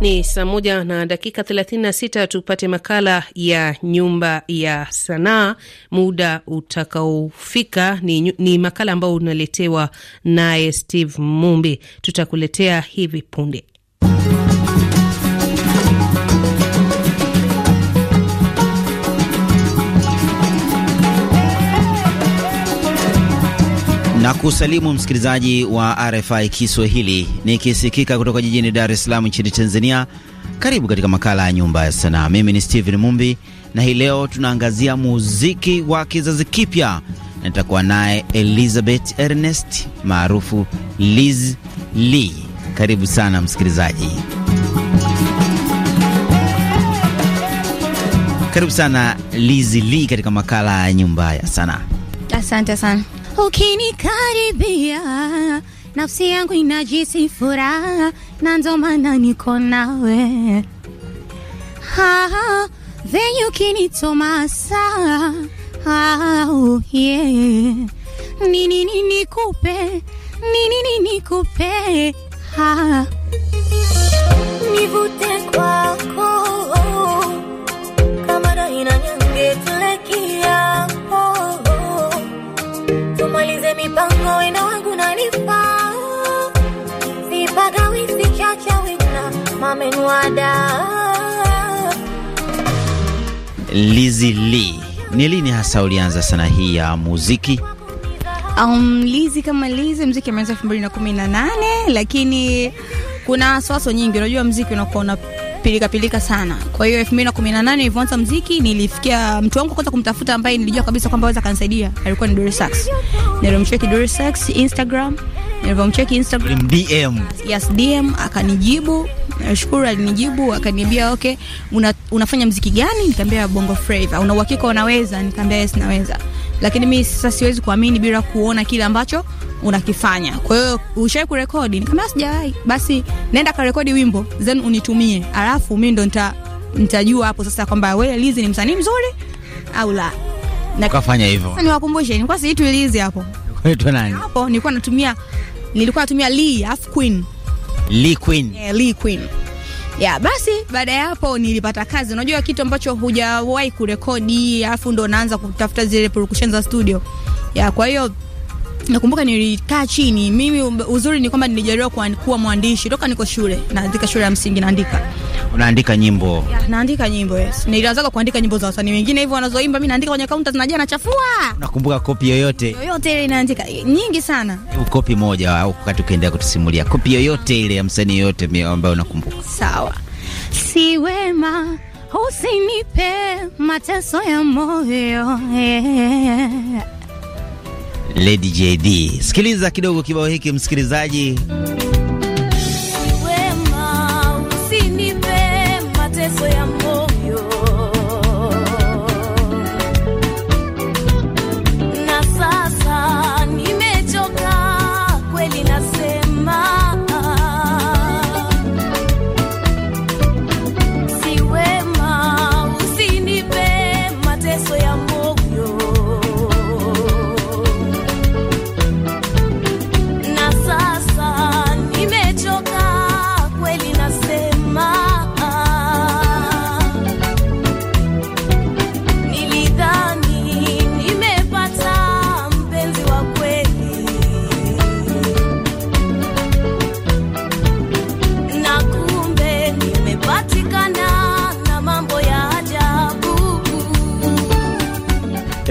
Ni saa moja na dakika 36. Tupate makala ya nyumba ya sanaa muda utakaofika. Ni, ni makala ambayo unaletewa naye Steve Mumbi, tutakuletea hivi punde. na kusalimu msikilizaji wa RFI Kiswahili nikisikika kutoka jijini Dar es Salaam nchini Tanzania. Karibu katika makala ya Nyumba ya Sanaa. Mimi ni Steven Mumbi na hii leo tunaangazia muziki wa kizazi kipya, na nitakuwa naye Elizabeth Ernest maarufu Liz Lee. Karibu sana msikilizaji. Karibu sana Lizi Lee katika makala ya Nyumba ya Sanaa. Asante sana. Ukinikaribia nafsi yangu inajisi furaha, na ndo maana niko nawe venye saa oh, yeah. Nini nikupe nini nikupe nivute kwako mamenwada Lizi Lee, ni lini hasa ulianza sana hii ya muziki? Um, Lizi kama Lizi, mziki ameanza elfu mbili na na kumi nane lakini kuna wasiwasi nyingi, unajua mziki unakuwa una pilika pilika sana. Kwa hiyo 2018 nilipoanza muziki, nilifikia mtu wangu kwanza kumtafuta ambaye nilijua kabisa kwamba anaweza kanisaidia, alikuwa ni Doris Sax. Nilimcheki Doris Sax Instagram, nilipomcheki Instagram DM, yes DM, akanijibu nashukuru eh, alinijibu akaniambia okay, una, unafanya mziki gani? Nikamwambia Bongo Flava. Una uhakika unaweza? Nikamwambia yes, naweza, lakini mimi sasa siwezi kuamini bila kuona kile ambacho unakifanya. Kwa hiyo ushawahi kurekodi? Nikamwambia sijawahi. Basi nenda karekodi wimbo then unitumie, alafu mimi ndo nita nitajua hapo sasa kwamba wewe Lizi ni msanii mzuri au la. Na hivyo. Sasa niwakumbushe, nilikuwa siitwi Lizi hapo. Kwa hiyo nani? Hapo nilikuwa natumia nilikuwa natumia Lee afu Queen. Lee Queen. Yeah, Lee Queen. Ya, basi baada ya hapo nilipata kazi. Unajua kitu ambacho hujawahi kurekodi, alafu ndo naanza kutafuta zile production za studio. Ya, kwa hiyo Nakumbuka nilikaa chini mimi. Uzuri ni kwamba nilijaliwa kuwa mwandishi toka niko shule, naandika shule ya msingi, naandika unaandika nyimbo ya, naandika nyimbo yes. Nilianza kuandika nyimbo za wasanii wengine hivyo wanazoimba, mimi naandika kwenye kaunta zinajaa, nachafua. Nakumbuka kopi yoyote yoyote ile naandika nyingi sana, kopi moja au wakati ukiendelea kutusimulia kopi yoyote ile ya msanii yoyote ambayo unakumbuka. Sawa, si wema usinipe mateso ya moyo yeah. Lady JD. Sikiliza kidogo kibao hiki msikilizaji.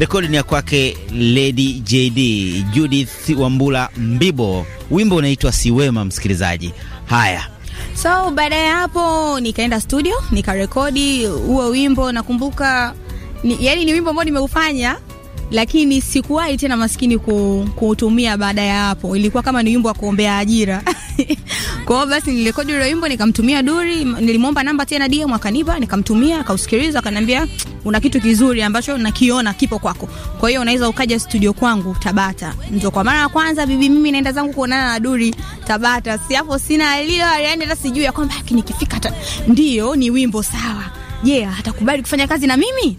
Rekodi ni ya kwake Lady JD Judith Wambula Mbibo, wimbo unaitwa Siwema. Msikilizaji, haya so baada ya hapo nikaenda studio nikarekodi huo wimbo. Nakumbuka ni, yani ni wimbo ambao nimeufanya lakini sikuwahi tena maskini kuutumia. Baada ya hapo, ilikuwa kama ni wimbo wa kuombea ajira kwao. basi nilirekodi ule wimbo nikamtumia Duri, nilimwomba namba tena DM akanipa, nikamtumia, akausikiliza, akaniambia una kitu kizuri ambacho nakiona kipo kwako, kwa hiyo unaweza ukaja studio kwangu Tabata. Ndio kwa mara ya kwanza bibi, mimi naenda zangu kuonana na Duri Tabata, si hapo sina alio, yaani hata sijui ya kwamba nikifika, ndio ni wimbo sawa. Je, yeah, atakubali kufanya kazi na mimi?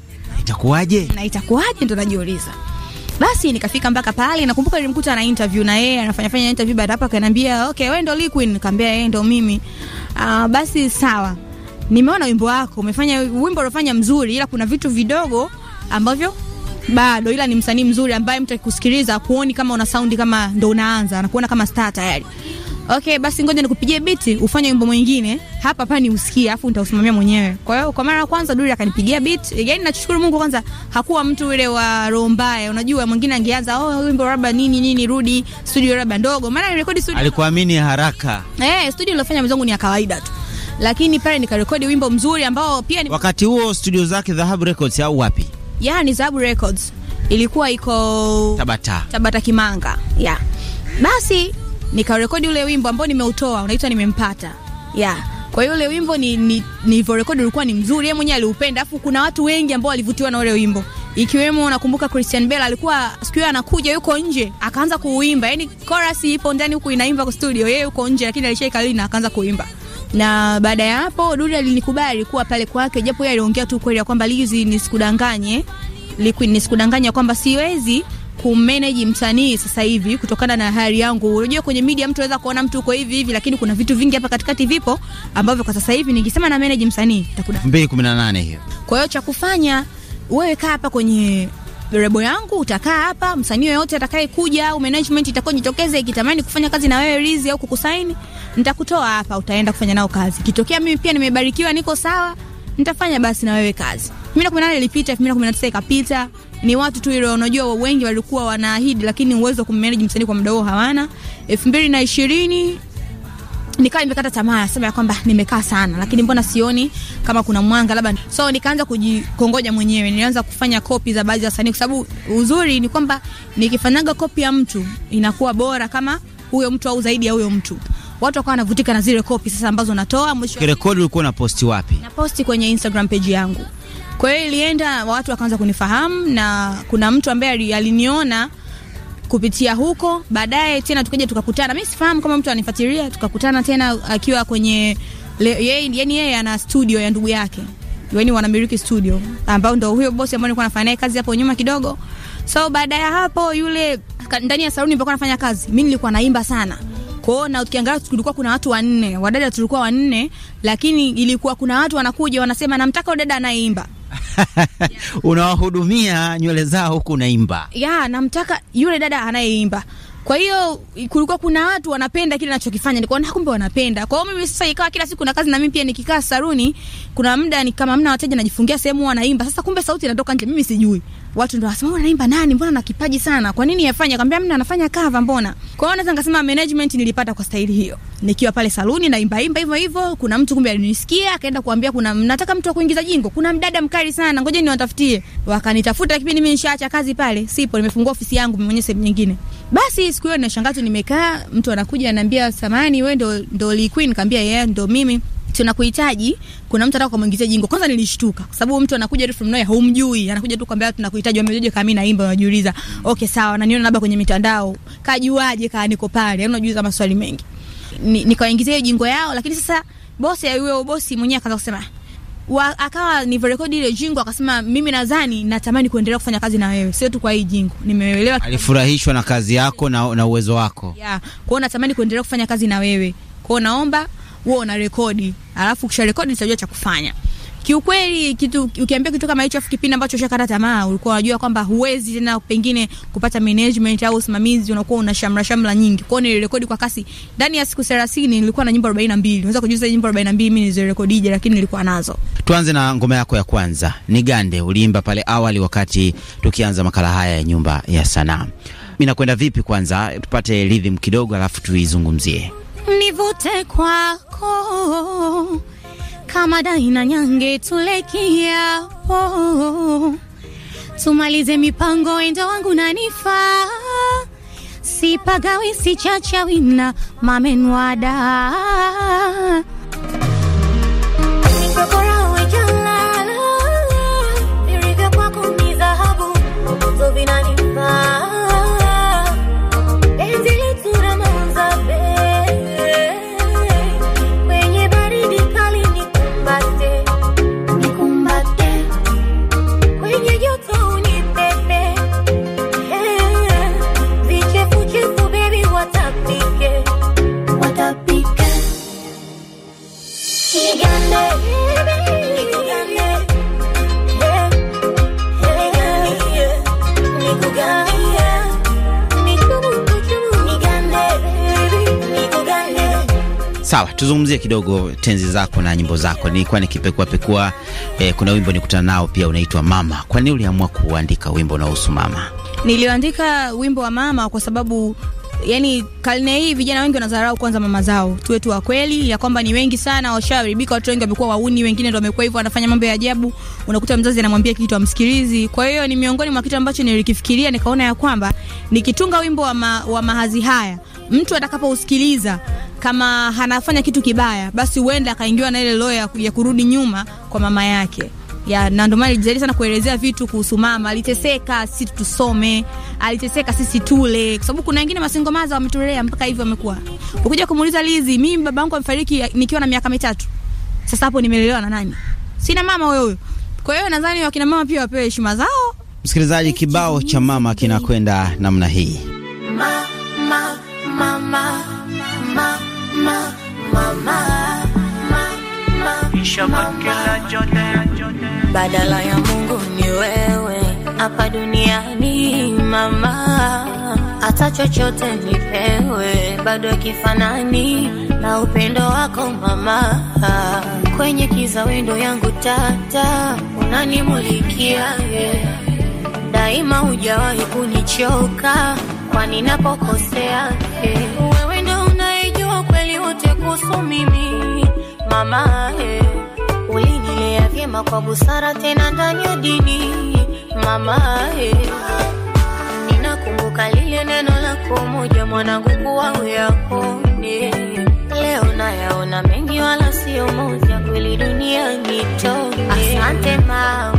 itakuwaje na itakuwaje, ndo najiuliza. Basi nikafika mpaka pale, nakumbuka nilimkuta ana interview na yeye anafanya fanya interview. Baada hapo akaniambia okay, wewe ndo Liquid? Nikamwambia yeye eh, ndo mimi. Uh, basi sawa, nimeona wimbo wako umefanya, wimbo uliofanya mzuri, ila kuna vitu vidogo ambavyo bado, ila ni msanii mzuri ambaye mtu akikusikiliza akuoni kama una sound kama ndo unaanza, anakuona kama star tayari. Okay, basi ngoja nikupigie biti ufanye wimbo mwingine hapa hapa ni usikie, afu nitausimamia mwenyewe. Kwa hiyo kwa mara ya kwanza Duli akanipigia beat. Again, nashukuru Mungu kwanza hakuwa mtu yule wa roho mbaya. Unajua mwingine angeanza oh, wimbo labda nini nini, rudi studio labda ndogo, maana nirekodi studio. Alikuamini haraka. Eh, studio nilofanya mzangu ni ya kawaida tu. Lakini pale nikarekodi wimbo mzuri ambao pia ni... Wakati huo studio zake Dhahabu Records au wapi? Yeah, Dhahabu Records. Ilikuwa iko Tabata. Tabata Kimanga. Yeah. Basi nikarekodi ule wimbo ambao nimeutoa unaitwa nimempata yeah. Kwa hiyo ule wimbo ni, ni, nilivyorekodi ulikuwa ni mzuri, yeye mwenyewe aliupenda, afu kuna watu wengi ambao walivutiwa na ule wimbo ikiwemo nakumbuka Christian Bell alikuwa siku hiyo anakuja yuko nje akaanza kuuimba, yani chorus ipo ndani huku inaimba kwa studio, yeye yuko nje, lakini alishaika lini na akaanza kuimba. Na baada ya hapo Dudu alinikubali kuwa pale kwake, japo yeye aliongea tu kweli ya kwamba Lizzy, nisikudanganye Liquid, nisikudanganya kwamba siwezi kumanage msanii sasa hivi kutokana na hali yangu. Unajua kwenye media mtu anaweza kuona mtu uko hivi hivi, lakini kuna vitu vingi hapa katikati vipo ambavyo kwa sasa hivi ningesema na manage msanii itakuwa 2018 hiyo. Kwa hiyo cha kufanya wewe kaa hapa kwenye rebo yangu utakaa hapa, msanii yoyote atakayekuja au management itakuwa jitokeze ikitamani kufanya kazi na wewe rizi au kukusaini, nitakutoa hapa, utaenda kufanya nao kazi. Kitokea mimi pia nimebarikiwa, niko sawa, nitafanya basi na wewe kazi. 2018 ilipita, 2019 ikapita. Ni watu tu ile unajua, wengi walikuwa wanaahidi, lakini uwezo wa kummanage msanii kwa muda huo hawana. 2020 nikawa nimekata tamaa, nasema ya kwamba nimekaa sana, lakini mbona sioni kama kuna mwanga labda. So nikaanza kujikongoja mwenyewe, nilianza kufanya kopi za baadhi ya wasanii, kwa sababu uzuri ni kwamba nikifanyaga kopi ya mtu inakuwa bora kama huyo mtu au zaidi ya huyo mtu watu wakawa wanavutika na zile kopi sasa ambazo natoa. Mwisho rekodi ulikuwa na posti wapi? Na posti kwenye Instagram page yangu. Kwa hiyo ilienda watu wakaanza kunifahamu na kuna mtu ambaye aliniona kupitia huko, baadaye tena tukaja tukakutana. Mimi sifahamu kama mtu anifuatilia, tukakutana tena akiwa kwenye yani, yeye ana studio ya ndugu yake, yani wanamiliki studio ambao ndio huyo bosi ambaye nilikuwa nafanya naye kazi hapo nyuma kidogo. So baada ya hapo, yule ndani ya saluni ambako nafanya kazi, mimi nilikuwa naimba sana kwao na ukiangalia, tulikuwa kuna watu wanne, wadada tulikuwa wanne, lakini ilikuwa kuna watu wanakuja wanasema, namtaka udada anayeimba unawahudumia nywele zao huku unaimba. Ya, namtaka yule dada anayeimba. Kwa hiyo kulikuwa kuna watu wanapenda kile ninachokifanya, nikaona kumbe wanapenda. Kwa hiyo mimi sasa ikawa kila siku na kazi, na mimi pia nikikaa saruni, kuna muda ni kama mna wateja, najifungia sehemu, wanaimba. Sasa kumbe sauti inatoka nje, mimi sijui. Watu ndio wanasema unaimba nani? Mbona na kipaji sana, kwa nini yafanya? Kaambia mimi anafanya cover, mbona. Kwa hiyo naweza ngasema management nilipata kwa staili hiyo nikiwa pale saluni na imbaimba hivyo hivyo, kuna mtu kumbe alinisikia akaenda kuambia kuna nataka mtu wa kuingiza jingo, kuna mdada mkali sana, ngoja niwatafutie. Wakanitafuta, lakini mimi nishaacha kazi pale, sipo, nimefungua ofisi yangu mimi mwenyewe sehemu nyingine. Basi siku hiyo nashangaza, nimekaa mtu anakuja ananiambia, samani wewe ndo ndo Lee Queen? Kaambia yeye, ndo mimi tunakuhitaji kuna mtu anataka kumwingizia jingo. Kwanza nilishtuka kwa sababu mtu anakuja tu from nowhere, humjui, anakuja tu kwambia tunakuhitaji. Wamejuaje kama mimi naimba? Wanajiuliza okay, sawa, na niona labda kwenye mitandao, kajuaje kaa niko pale? Yaani unajiuliza maswali mengi nikawaingizia hiyo jingo yao, lakini sasa bosi yule bosi mwenyewe akaanza kusema wa, akawa nivyorekodi ile jingo akasema, mimi nadhani natamani kuendelea kufanya kazi na wewe, sio tu kwa hii jingo. Nimeelewa, alifurahishwa na kazi yako na, na uwezo wako yeah. Kwa hiyo natamani kuendelea kufanya kazi na wewe, kwa hiyo naomba wewe una rekodi, alafu ukisha rekodi nitajua cha kufanya kiukweli kitu ukiambia kitu kama hicho, afu kipindi ambacho ushakata tamaa, ulikuwa unajua kwamba huwezi tena pengine kupata management au usimamizi, unakuwa una shamra shamra nyingi. Kwa hiyo nilirekodi kwa kasi, ndani ya siku 30 nilikuwa na nyimbo 42. Unaweza kujua nyimbo 42 mimi nilizorekodi, lakini nilikuwa nazo. Tuanze na ngoma yako ya kwanza ni Gande, uliimba pale awali wakati tukianza makala haya ya nyumba ya sanaa. Mimi nakwenda vipi? Kwanza tupate rhythm kidogo, alafu tuizungumzie. Nivute kwako kama Daina Nyange tulekia oh, oh, oh. Tumalize mipango endo wangu nanifa sipagawi sichachawina mamenwada tuzungumzie kidogo tenzi zako na nyimbo zako. Nilikuwa nikipekua pekua, eh, kuna wimbo nikutana nao pia unaitwa Mama. Kwa nini uliamua kuandika wimbo unaohusu mama? Niliandika wimbo wa mama kwa sababu yani karne hii vijana wengi wanadharau kwanza mama zao, tuwe tu kweli ya kwamba ni wengi sana washaharibika. Watu wengi wamekuwa wauni, wengine ndio wamekuwa hivyo, wanafanya mambo ya ajabu. Unakuta mzazi anamwambia kitu amsikilizi. Kwa hiyo ni miongoni mwa kitu ambacho nilikifikiria, nikaona ya kwamba nikitunga wimbo wa, ma, wa mahazi haya mtu atakapousikiliza kama anafanya kitu kibaya, basi huenda akaingiwa na ile roho ya kurudi nyuma kwa mama yake ya na ndio maana alijitahidi sana kuelezea vitu kuhusu mama. Aliteseka sisi tusome, aliteseka sisi tule, kwa sababu kuna wengine masingomaza wametulea mpaka hivi wamekuwa. Ukija kumuuliza Lizi, mimi baba yangu amefariki nikiwa na miaka mitatu, sasa hapo nimelelewa na nani? Sina mama wewe. Kwa hiyo nadhani wakina mama pia wapewe heshima zao. Msikilizaji, kibao cha mama kinakwenda namna hii mama, mama, mama, badala ya Mungu ni wewe hapa duniani mama, hata chochote nipewe bado kifanani na upendo wako mama, kwenye kizawendo yangu tata, unanimulikia yeah. Daima hujawahi kunichoka kwani napokosea eh. Wewe ndo unaijua kweli wote kuhusu mimi mama eh. Ulinilea vyema kwa busara tena ndani ya dini mama eh. Ninakumbuka lile neno lako moja mwanangu kuwa uyapone. Leo nayaona mengi wala sio moja kweli duniani tone. Asante mama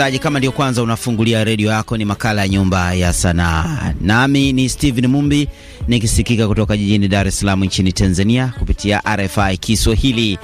Msikilizaji, kama ndio kwanza unafungulia redio yako, ni makala ya Nyumba ya Sanaa, nami ni Steven Mumbi nikisikika kutoka jijini Dar es Salaam nchini Tanzania kupitia RFI Kiswahili,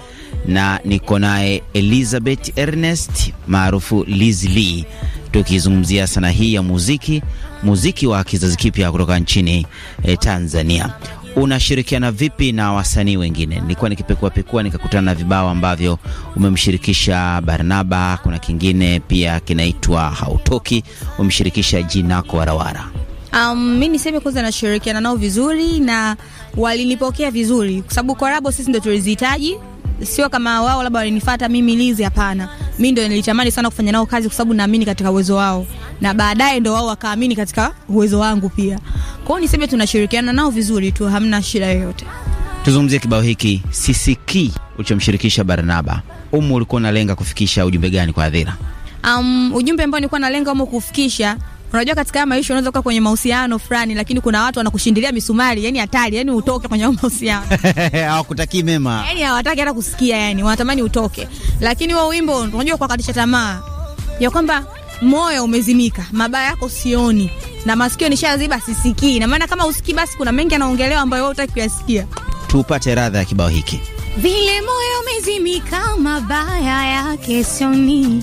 na niko naye Elizabeth Ernest maarufu Liz Lee, tukizungumzia sanaa hii ya muziki, muziki wa kizazi kipya kutoka nchini eh, Tanzania unashirikiana vipi na wasanii wengine? Nilikuwa nikipekua pekua nikakutana na vibao ambavyo umemshirikisha Barnaba, kuna kingine pia kinaitwa Hautoki, umemshirikisha Jinako Warawara. Um, mi niseme kwanza nashirikiana nao vizuri na walinipokea vizuri, kwa sababu korabo sisi ndo tulizihitaji sio kama wao labda walinifuata mimi Lizi, hapana. Mimi ndio nilitamani sana kufanya nao kazi kwa sababu naamini katika uwezo wao, na baadaye ndio wao wakaamini katika uwezo wangu pia. Kwa hiyo niseme tunashirikiana nao vizuri tu, hamna shida yoyote. Tuzungumzie kibao hiki sisiki ulichomshirikisha Barnaba. Umu, ulikuwa unalenga kufikisha ujumbe gani kwa hadhira? Um, ujumbe ambao nilikuwa nalenga umu kufikisha Unajua katika haya maisha unaweza kuwa kwenye mahusiano fulani, lakini kuna watu wanakushindilia misumari, yani hatari, yani utoke kwenye mahusiano. Hawakutaki mema. Yani hawataki hata kusikia, yani wanatamani utoke. Lakini wao wimbo unajua kwa katisha tamaa. Ya kwamba moyo umezimika, mabaya yako sioni na masikio nishaziba sisikii. Na maana kama usikii basi kuna mengi yanaongelewa ambayo wewe hutaki kuyasikia. Tupate radha ya kibao hiki. Vile moyo umezimika, mabaya yake sioni.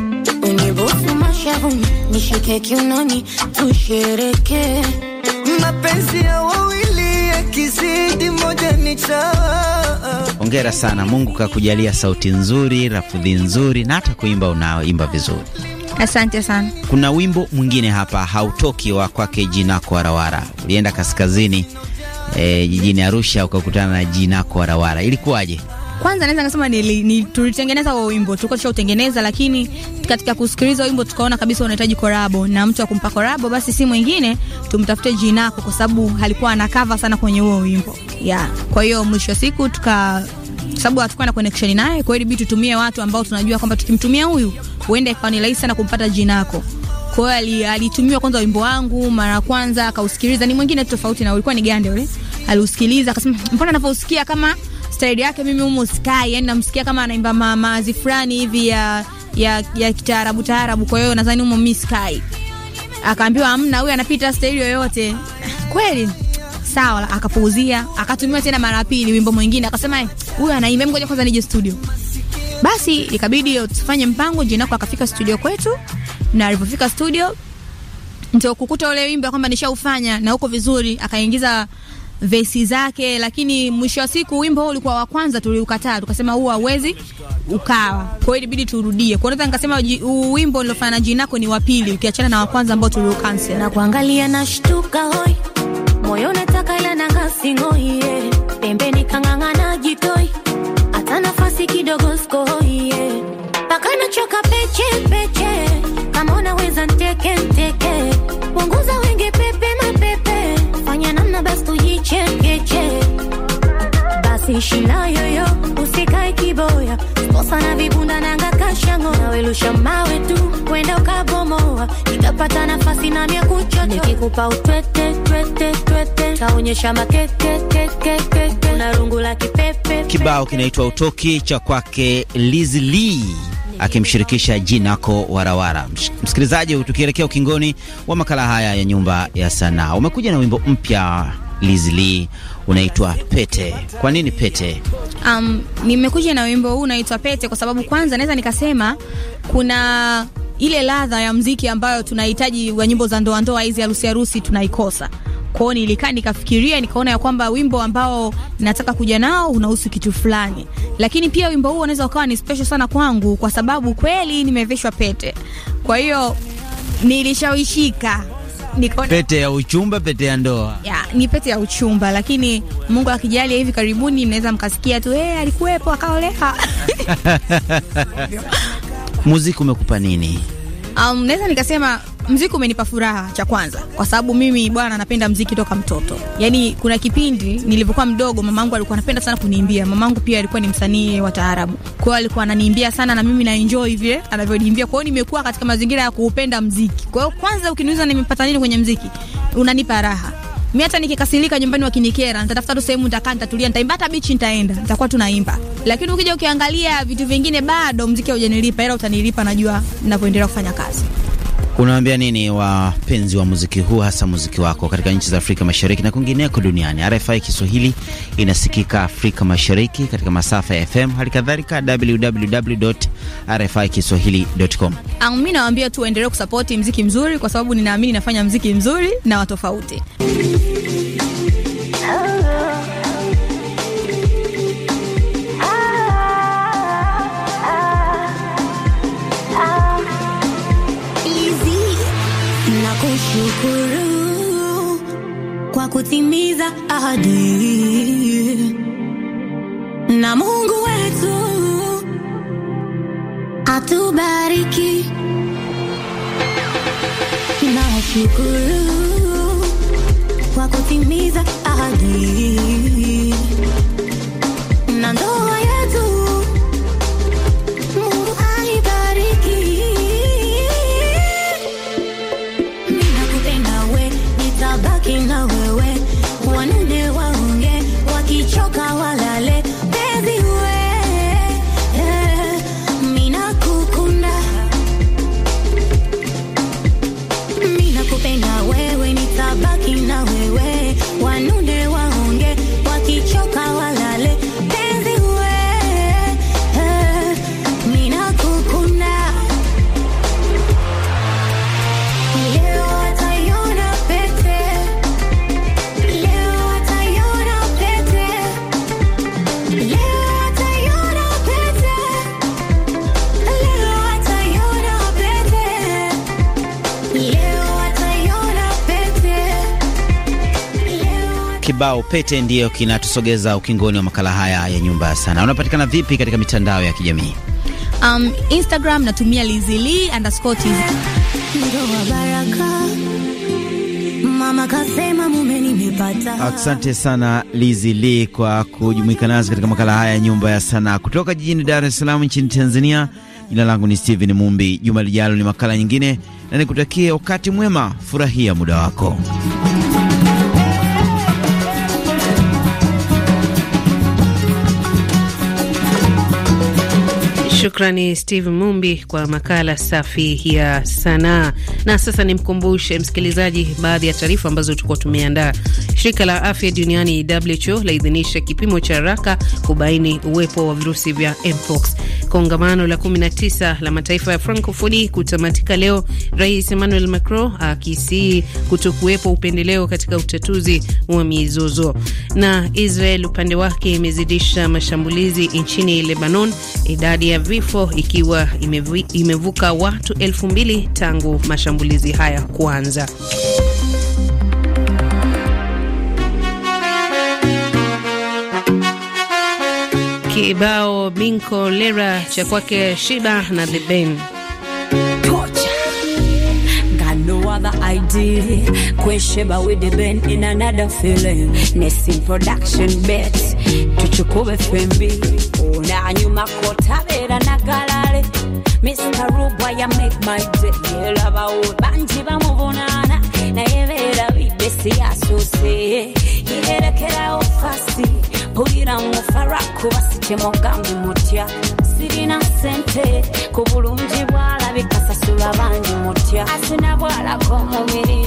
ongera mashavuni, nishike kiunoni, tushereke mapenzi ya wawili yakizidi moja ni chawa. Hongera sana, Mungu kakujalia sauti nzuri, rafudhi nzuri na hata kuimba unaoimba vizuri. Asante sana. Kuna wimbo mwingine hapa hautoki wa kwake Jinako Warawara. Ulienda kaskazini, eh, jijini Arusha ukakutana na Jinako Warawara, ilikuwaje? Kwanza naweza nikasema ni, ni tulitengeneza huo wimbo, tulikuwa tushautengeneza, lakini katika kusikiliza wimbo tukaona kabisa unahitaji korabo na mtu akumpa korabo, basi si mwingine tumtafute Jinako kwa sababu alikuwa anakava sana kwenye huo wimbo yeah. Kwa hiyo mwisho wa siku tuka sababu hatukuwa na connection naye, kwa hiyo ibidi tutumie watu ambao tunajua kwamba tukimtumia huyu huenda ikawa ni rahisi sana kumpata Jinako. Kwa hiyo ali, alitumiwa kwanza wimbo wangu mara kwanza, akausikiliza. Ni mwingine tofauti na ulikuwa ni gande ule, aliusikiliza akasema, mbona anavyousikia kama staili yake mimi humo sky, yani namsikia kama anaimba maazi fulani hivi ya ya, ya kitaarabu taarabu, kwa hiyo nadhani humo mimi sky. Akaambiwa amna, huyu anapita staili yoyote. Kweli sawa, akapuuzia. Akatumiwa tena mara pili wimbo mwingine, akasema eh, huyu anaimba, ngoja kwanza nije studio. Basi ikabidi tufanye mpango. Jinako akafika studio kwetu, na alipofika studio ndio kukuta ule wimbo kwamba nishaufanya na uko vizuri, akaingiza vesi zake, lakini mwisho wa siku wimbo huu ulikuwa wa kwanza, tuliukataa tukasema huu hauwezi ukawa. Kwa hiyo ilibidi turudie. Kwa hiyo nikasema huu wimbo uliofanya na Jinako ni wa pili, ukiachana na wa kwanza ambao tuliukansel. Na kuangalia na shtuka hoi, moyo nataka ila na kasi ngoi, pembeni kang'ang'ana jitoi, hata nafasi kidogo sikoi, paka nachoka peche peche, kama unaweza nteke nteke, punguza wenge pepe basi shina yoyo, usikae kiboya, kosa na vibunda mawe tu, ukabomoa, nikapata nafasi na mia kuchocho, nikikupa utwete twete twete, makeke keke keke, na rungu la kipepe. Kibao kinaitwa Utoki cha kwake lizli akimshirikisha Jinako Warawara. Msikilizaji, tukielekea ukingoni wa makala haya ya Nyumba ya Sanaa, umekuja na wimbo mpya Lizli, unaitwa Pete. Kwa nini Pete? Um, nimekuja na wimbo huu unaitwa Pete kwa sababu kwanza naweza nikasema kuna ile ladha ya mziki ambayo tunahitaji wa nyimbo za ndoa ndoa hizi harusi harusi tunaikosa. Kwa hiyo nilikaa nikafikiria, nikaona ya kwamba wimbo ambao nataka kuja nao unahusu kitu fulani, lakini pia wimbo huu unaweza ukawa ni special sana kwangu kwa sababu kweli nimevishwa pete, kwa hiyo nilishawishika nikaona pete ya uchumba, pete ya ndoa. Ya, ni pete ya uchumba, lakini Mungu akijali hivi karibuni mnaweza mkasikia tu eh, hey, alikuwepo akaoleha. Muziki umekupa nini? Um, naweza nikasema mziki umenipa furaha cha kwanza, kwa sababu mimi bwana napenda mziki toka mtoto. Yani kuna kipindi nilivyokuwa mdogo, mamangu alikuwa anapenda sana kuniimbia. Mamangu pia alikuwa ni msanii wa taarabu, kwa hiyo alikuwa ananiimbia sana na mimi na enjoy vile anavyoniimbia. Kwa hiyo nimekuwa katika mazingira ya kuupenda mziki. Kwa hiyo kwanza, ukiniuliza nimepata nini kwenye mziki, unanipa raha mimi hata nikikasirika nyumbani wakinikera, nitatafuta tu sehemu nitakaa, nitatulia, nitaimba hata bichi, nitaenda nitakuwa tunaimba. Lakini ukija ukiangalia vitu vingine, bado mziki haujanilipa, ila utanilipa najua ninavyoendelea kufanya kazi. Unawaambia nini wapenzi wa muziki huu, hasa muziki wako katika nchi za Afrika Mashariki na kwingineko duniani? RFI Kiswahili inasikika Afrika Mashariki katika masafa ya FM, hali kadhalika www rfi kiswahili.com. Mi nawaambia tu waendelee kusapoti mziki mzuri, kwa sababu ninaamini nafanya mziki mzuri na watofauti kutimiza ahadi na Mungu wetu atubariki. Tunashukuru kwa kutimiza ahadi na ndoa kibao pete ndiyo kinatusogeza ukingoni wa makala haya ya nyumba ya sanaa. Unapatikana vipi katika mitandao ya kijamii? Um, Instagram natumia lizili underscore Asante sana Lizi Lee kwa kujumuika nasi katika makala haya ya nyumba ya sanaa kutoka jijini Dar es Salaam nchini Tanzania. Jina langu ni Steven Mumbi. Juma lijalo ni makala nyingine, na nikutakie wakati mwema, furahia muda wako. Shukrani Steve Mumbi kwa makala safi ya sanaa. Na sasa nimkumbushe msikilizaji baadhi ya taarifa ambazo tulikuwa tumeandaa. Shirika la afya duniani WHO laidhinisha kipimo cha haraka kubaini uwepo wa virusi vya mpox. Kongamano la 19 la mataifa ya Francofoni kutamatika leo, Rais Emmanuel Macron akisii kutokuwepo upendeleo katika utatuzi wa mizozo. Na Israel upande wake imezidisha mashambulizi nchini Lebanon, idadi ya vifo ikiwa imevi, imevuka watu elfu mbili tangu mashambulizi haya kuanza. Kibao minko Lera cha kwake Shiba na The Ben. ID. Kwesheba with the band in another feeling. Nessin production bet. Tuchukue Oh Una you kota bera na galale. Mr. Rubwa ya make my day. Lava old banji bamuvunana. Na yevera bidesi asuse. Yerekera ofasi mpulira nfara kubasikye mugambye mutya sirina ssente ku bulungi bwalabika bangi mutya asina bwalaka omubiri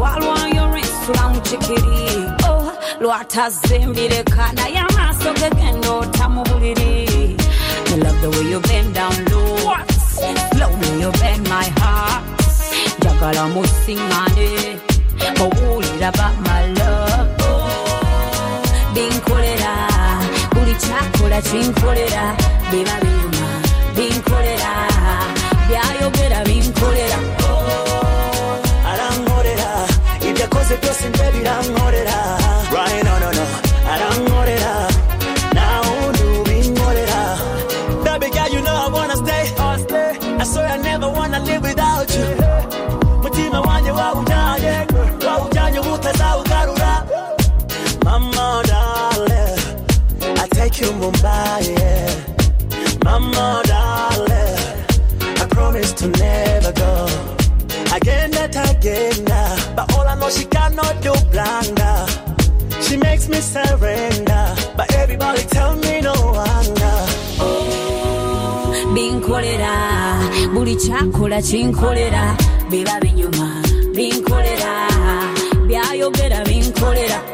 walwayo olwensula mukikiri oh, lwatazimbireka naye amaaso ge genda ota buliri I love the way you bend down low Slow me you bend my heart Jagala musimane Owulira about my love vincolerà, gulicciaccola cincolerà, viva Roma, vincolerà, viaio vera vincolerà. Oh, arangorerà, ibya koze byose ndabirangorera, right no no no, arangorerà. Mumbai. Yeah. Mama, darling, I promise to never go. Again, that again, now. But all I know, she cannot do blanda. She makes me surrender. But everybody tell me no wonder. Oh, binkolera, buli chakola chinkolera, biba binyuma, binkolera, byayogera binkolera.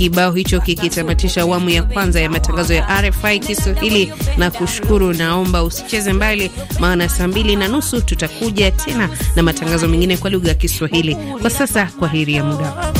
Kibao hicho kikitamatisha awamu ya kwanza ya matangazo ya RFI Kiswahili na kushukuru. Naomba usicheze mbali, maana saa mbili na nusu tutakuja tena na matangazo mengine kwa lugha ya Kiswahili. Kwa sasa, kwa heri ya muda.